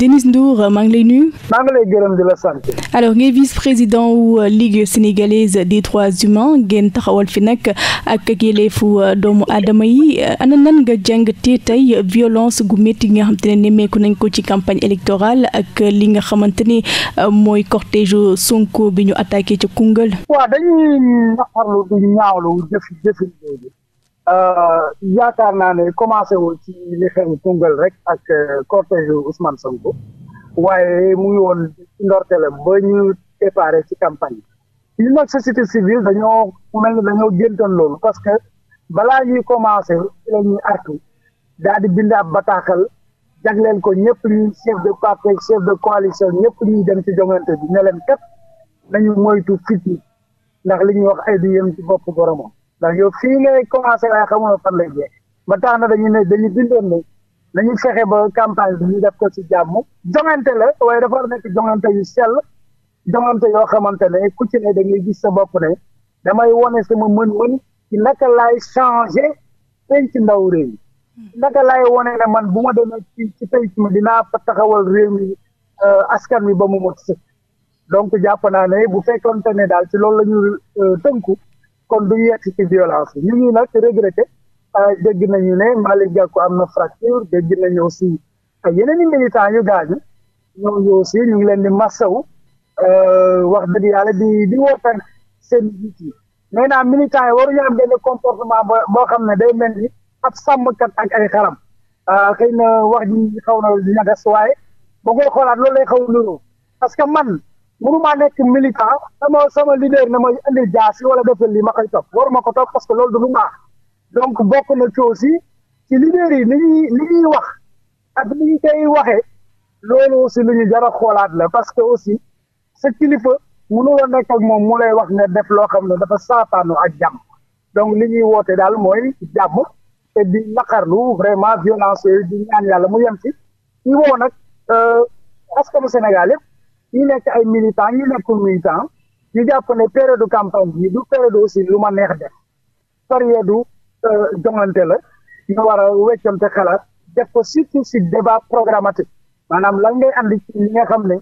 Denis Ndour maa ngi lay nuyu. maa ngi lay gërëm di la sant. alors ngay vice-président wu euh, Ligue sénégalaise des droits humains ngeen taxawal fi nag ak yelleefu euh, doomu aadama yi euh, ana nan nga jàngatee tey violence gu métti nga xam te ne nemmeeku nañ ko ci campagne électorale ak li nga xamante ni mooy cortège Sonko bi ñu attaqué ca Koungheul. Euh, yaakaar naa ne commencé wul ci li xew Koungheul rek ak euh, cortège Ousmane Sonko waaye mu ngi woon ndorteelam ba ñu déparé ci campagne bi ñun nag société civile dañoo mel ni dañoo géntoon loolu parce que balaa ñuy commencé ci la ñuy artu daal di bind ab bataaxal jagleel ko ñëpp ñuy chef de parti chef de coalition ñëpp ñuy dem ci joŋante bi ne leen kat nañu moytu fit yi ndax li ñuy wax ay du yem ci bopp boromam. ndax yow fii ngay commencé waaye xamuloo fan lay jeex ba tax na dañu ne dañu bindoon ne dañu fexe ba campagne bi ñu def ko ci jàmm jongante la waaye dafa nekk jongante yu sell jongante yoo xamante ne ku ci ne da ngay gis sa bopp ne damay wone sama mën-mën ci naka laay changé penc ndaw réew naka lay wone ne man bu ma demee ci ci penc mi dinaa fa taxawal réew mi euh, askan wi ba mu mot sëkk donc jàpp naa ne bu fekkonte ne daal ci loolu la ñu euh, tënku kon du yegg ci violence bi ñu ngi nag regretté euh, dégg nañu ne Malick Gakou am na fracture dégg nañu aussi euh, yeneen i militants yu gaañu ñooñu aussi ñu ngi leen di massawu euh, wax dëgg yàlla di di wootal seen njiit yi nee naa militants yi waruñu am benn comportement boo xam ne day mel ni ab sàmmkat ak ay xaram xëy na wax ji xaw na ñagas waaye ba koy xoolaat loolu lay xaw niroo parce que man mënuma nekk militant sama sama leader na ma indi jaasi wala defal li ma koy topp waruma ko topp parce que loolu du lu baax donc bokk na ci aussi ci leader yi li ñuy li ñuy wax ak li ñu koy waxe loolu aussi lu ñu jar a xoolaat la parce que aussi sa kilifa mënuloo nekk ak moom mu lay wax ne def loo xam ne dafa saataanu ak jàmm donc li ñuy woote daal mooy jàmm te di naqarlu vraiment violence yooyu di ñaan yàlla mu yem ci ñu woo nag mu euh, Sénégal yëpp ñi nekk ay militants ñi nekkul militant ñu jàpp ne période campagne bi du période aussi lu ma neex def du euh, joŋante la ñu war a weccante xalaat def ko surtout si débat programmatique maanaam lan ngay andi ci li nga xam ne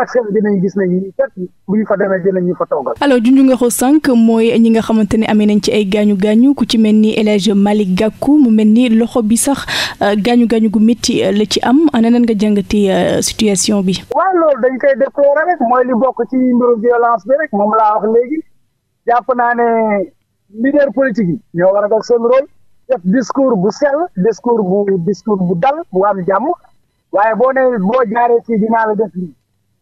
accès bi dinañ gis nañu kat bu ñu fa demee dinañu fa toogal. alors junj nga ko sànq mooy ñi nga xamante ne amee nañ ci ay gaañu gaañu ku ci mel ni El Hadj Malick Gakou mu mel ni loxo bi sax euh, gaañu gaañu gu métti euh, la ci am ana nan nga jàngati euh, situation bi. waaw lool dañ koy déplorer rek mooy li bokk ci mbiru violence bi rek moom laa wax léegi jàpp naa ne leader politique yi ñoo war a def seen rôle def discours bu sell discours bu discours dal bu am jàmm waaye boo nee boo def lii.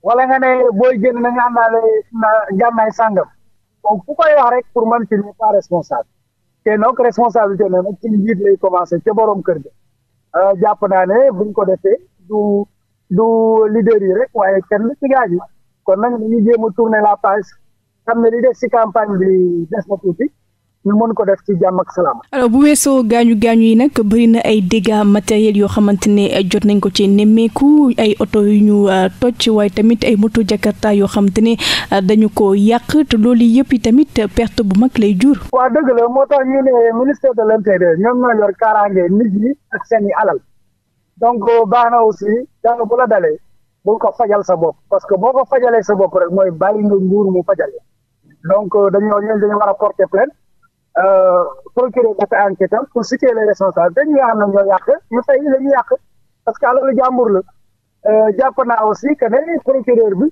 wala nga ne booy génn nañu àndaale na gànnaay sàngam donc ku koy wax rek pour man ci n'est pas responsable te donc responsabilité la nag ci njiit lay commencé ca borom kër ga euh, jàpp naa ne buñ ko defee du du leader yi rek waaye kenn ci gars kon nag dañuy jéem a tourner la page xam ne li des ci campagne bi des na tuuti. ñu mën ko def ci jàmm ak salaam. alors bu weesoo gaañu gaañu yi nag bëri na ay dégâts matériels yoo xamante ne eh, jot nañ ko ci nemmeeku ay oto yu ñu eh, toj waaye tamit ay moto jakarta yoo xamante ne eh, dañu ko yàq te loolu yëpp yi tamit perte bu mag lay jur. waaw dëgg la moo tax ñu ne ministère de l'intérieur ñoom ñoo yor kaaraange nit ñi ak seen i alal donc baax na aussi dara bu la dalee bul ko fajal sa bopp parce que boo ko fajalee sa bopp rek mooy bàyyi nga nguur mu fajale Euh, procureur dafa enquête am pour situer les responsables dañ nga xam ne ñoo yàq ñu fay la yàq parce que alalu jàmbur la euh, jàpp na aussi que ne procureur bi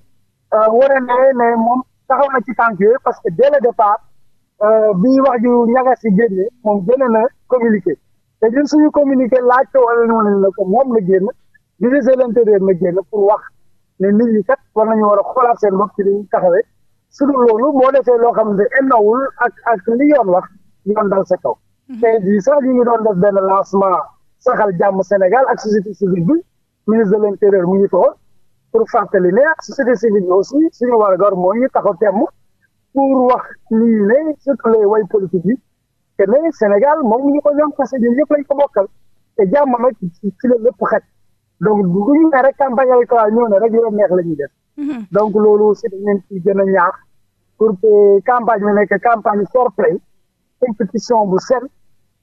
euh, wane na ne moom taxaw na ci tànk yooyu parce que dès le départ bi wax ju ñagas yi génne moom génne na communiqué te ñun suñu communiqué laajte wala noonu la ko moom la génn ministre de l'intérieur la génn pour ne nit ñi kat war nañu war a xoolaat seen bopp ci li ñu taxawee su dul loolu boo defee loo xam ne ennawul ak ak li yoon wax yoon dal sa kaw. sa mhm. jii sax ñu ngi doon def benn lancement saxal jàmm senegal ak société civile bi ministre de l' intérieur mu ngi fa pour fàttali ne ak société civile bi aussi suñu war a gor moo ñu taxaw temm pour wax nii ne surtout les way politique yi que ne Sénégal moom ñu ko ñoom parce que ñun ñëpp lañ ko bokkal te jàmm nag ci la lépp xaj donc bu ñu nee rek campagne électorale ñëw ne rek yow neex la ñuy def. Mhm. donc loolu aussi dañ leen ci gën a ñaax pour que campagne bi nekk campagne fair compétition bu sel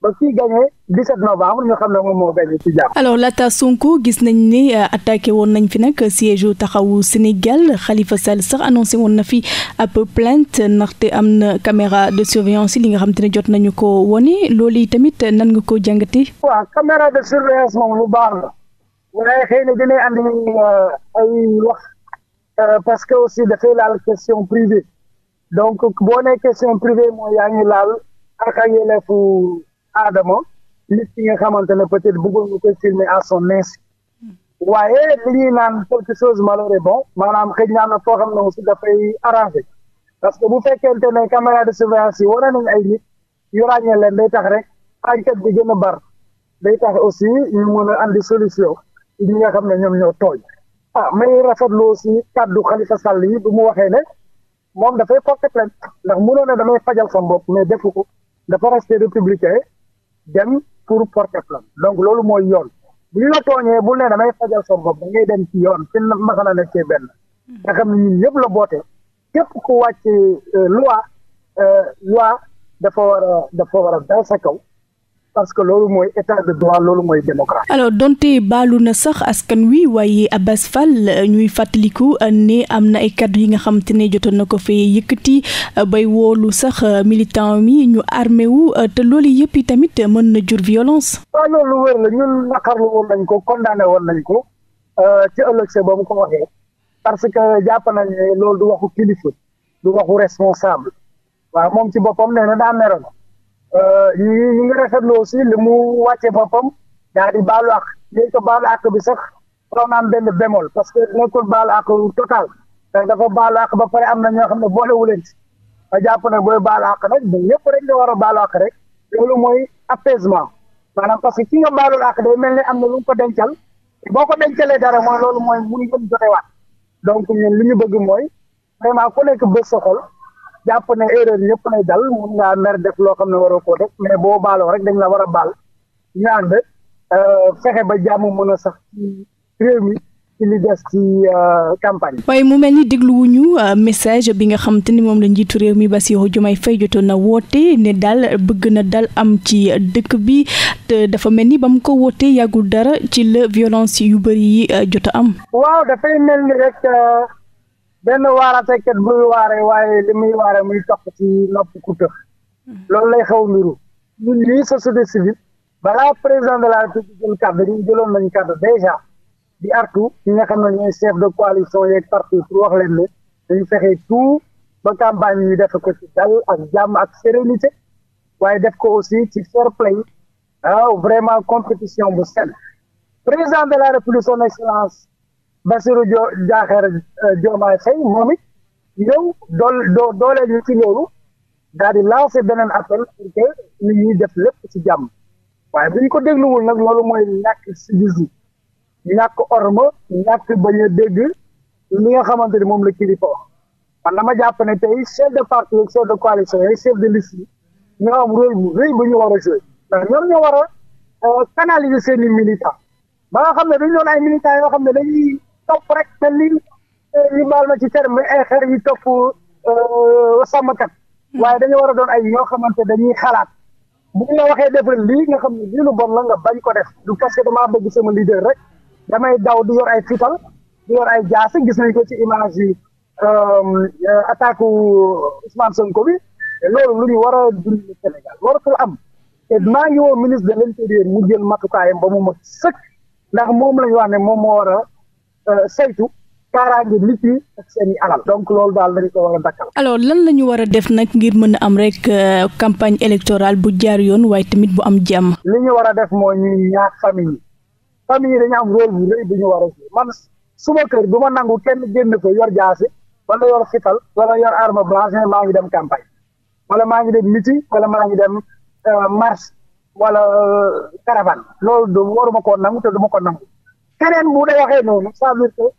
ba kii gagné 17 novembre ñu xam ne moom moo gagné ci jàpp. alors laata Sonko gis nañ ni euh, attaqué woon nañ fi nag siège taxawu Sénégal xalifa Sall sax annoncé woon na fi ab plainte ndaxte am na caméra de surveillance yi li nga xam te ne jot nañu ko wone loolu tamit nan nga ko jàngatee. waaw caméra de surveillance moom lu baax la waaye xëy na Euh, parce que aussi dafay laal question privée donc boo nee question privée mooy yaa ngi laal ak ak yelleefu aadama nit ki nga xamante ne peut-être bëggoon nga koy filmer à son insu waaye li ñuy naan quelque chose malheureux bon maanaam xëy na foo xam ne aussi dafay arrangé parce que bu fekkente ne caméra de surveillance yi wara nañ ay nit yu ràññee leen day tax rek enquête bi gën a bar day tax aussi ñu mën a andi solution ñi nga xam ne ñoom ñoo tooñ ah may rafetlu aussi kàddu Khalifa Sall yi bu mu waxee ne moom dafay porter plainte ndax mënoo ne damay fajal sama mais defu ko dafa resté républicain dem pour porter plainte donc loolu mooy yoon bu ñu la tooñee bu ne damay fajal sama bopp ngay dem ci yoon fi mu mën a nekkee benn hmm. nga xam ne ñun la boote képp ku wàcc euh, loi euh, loi dafa war a dafa war dal sa kaw. parce que loolu mooy état de droit loolu mooy démocratie. alors donte baalu na sax askan wi waaye Abass ñuy fàttaliku ne am na ay kaddu yi nga xam te ne jotoon na ko fee yëkkati bay woolu sax militant mi ñu armé wu te loolu yëpp yi tamit mën na jur violence. waaw loolu wér la ñun naqarlu woon nañ ko condamné woon nañ ko euh, ci ëllëg ba mu ko waxee parce que jàpp nañ loolu du waxu kilifa du waxu responsable waaw moom ci boppam nee na daa meroon Euh, ñu ngi ñu ngi aussi li mu wàccee boppam daal di baalu àq léegi ko baalu àq bi sax waroon na am benn bémol parce que nekkul baalu àq total te dafa baalu àq ba pare am na ñoo xam ne boolewu leen ci ma jàpp ne booy baalu àq nag ñëpp rek nga war a baalu rek loolu mooy apaisement maanaam parce que ki nga baalul àq day mel ni am na lu ko dencal boo ko dencalee dara mooy loolu mooy mun ngeen jotewaat donc ñun li ñu bëgg mooy vraiment ku nekk bés sa xol. jàpp ne erreur yëpp lay dal mun ngaa mer def loo xam ne waroo koo def mais boo baaloo rek dañ la war a baal ñu ànd euh, fexe ba jàmm mën a sax ci réew mi ci li ci euh, campagne waaye mu mel ni dégluwuñu euh, message bi nga xam te ni moom la njiitu réew mi ba Bassirou Diomaye Faye jotoon na woote ne daal bëgg na dal am ci dëkk bi te dafa mel ni ba mu ko wootee yàggul dara ci la violence yu bëri yi jot am waaw dafay mel ni rek benn waaraatekat buy waare waaye li muy waare muy topp ci nopp ku tëx hmm. loolu lay xaw niru ñun lii société civile balaa président de la république jël kàddu ñu jëloon nañu kàddu déjà di artu ñi nga xam ne ñooy chef de coalition yeeg parti pour wax leen ne dañu fexe tout ba campagne yi def ko ci dal ak jàmm ak sérénité waaye def ko aussi ci fair play waaw vraiment compétition bu sell président de la république son excellence Bassirou jo Diakhar euh, Diomaye Faye moom it ñëw dool doo doolee ñu ci loolu daal di lancé beneen appel pour que nit ñuy def lépp ci jàmm waaye bu ñu ko dégluwul nag loolu mooy ñàkk civisme ñàkk orma ñàkk bañ a dégg li nga xamante ni moom la kilifa wax man dama jàpp ne tey chef de parti ak de coalition yi chef de liste yi ñoo am rôle bu rëy bu ñu war a joué ndax ñoom ñoo war a euh, canaliser seen i militants ba nga xam ne dañu doon ay militants yoo xam ne dañuy topp rek te lii ñu baal ma ci terme ay xer yi topp euh, sàmmkat hmm. waaye dañu war a doon ay yoo xamante dañuy xalaat bu ñu la waxee defal lii nga xam ne lii lu bon la nga bañ ko def du parce que damaa bëgg sama leader rek damay daw di yor ay fital di yor ay jaasi gis nañ ko ci image yi euh, attaque Ousmane Sonko bi loolu lu ñu war a dund Sénégal waratul am te maa ngi woo ministre de l' intérieur mu jël matukaayam ba mu mot sëkk ndax moom la ñu wax ne moom moo war a Euh, saytu kaaraange nit ñi seen alal. donc loolu daal lañu ko war a dakkal. alors lan la ñu war a def nag ngir mën a am rek euh, campagne électorale bu jaar yoon waaye tamit bu am jàmm. li ñu war a def mooy ñu ñaax famille yi famille yi dañu am rôle bu rëy bu ñu war man suma kër du ma nangu kenn génn ko yor jaase wala yor xital wala yor arme blanche maa ngi dem campagne wala maa ngi dem meeting wala maa ngi dem euh, marche wala caravane loolu du waruma koo nangu te du ma ko nangu. keneen bu dee waxee noonu ça veut dire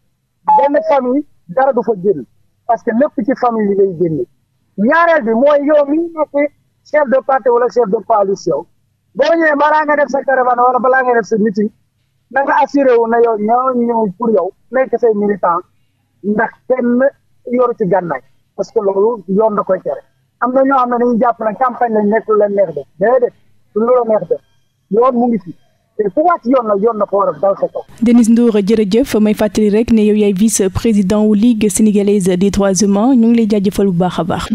que benn famille dara du fa génn parce que lépp ci famille yi lay génne ñaareel bi mooy yow mi nekk chef de parti wala chef de coalition boo ñëwee balaa nga def sa caravane wala balaa nga def sa meeting na assuré wu na yow ñoo ñëw pour yow nekk say militant ndax kenn yoru ci gànnaay parce que loolu yoon da koy tere am na ñoo xam ne jàpp ne campagne lañ nekk leen neex def déedéet lu la mu ngi fii fu wàcc yoon na yoon na fa war a daw sa kaw. Denis Ndour jërëjëf may fàttali rek ne yow yaay vice président ligue sénégalaise des droits humains ñu ngi lay jaajëfal bu baax a baax.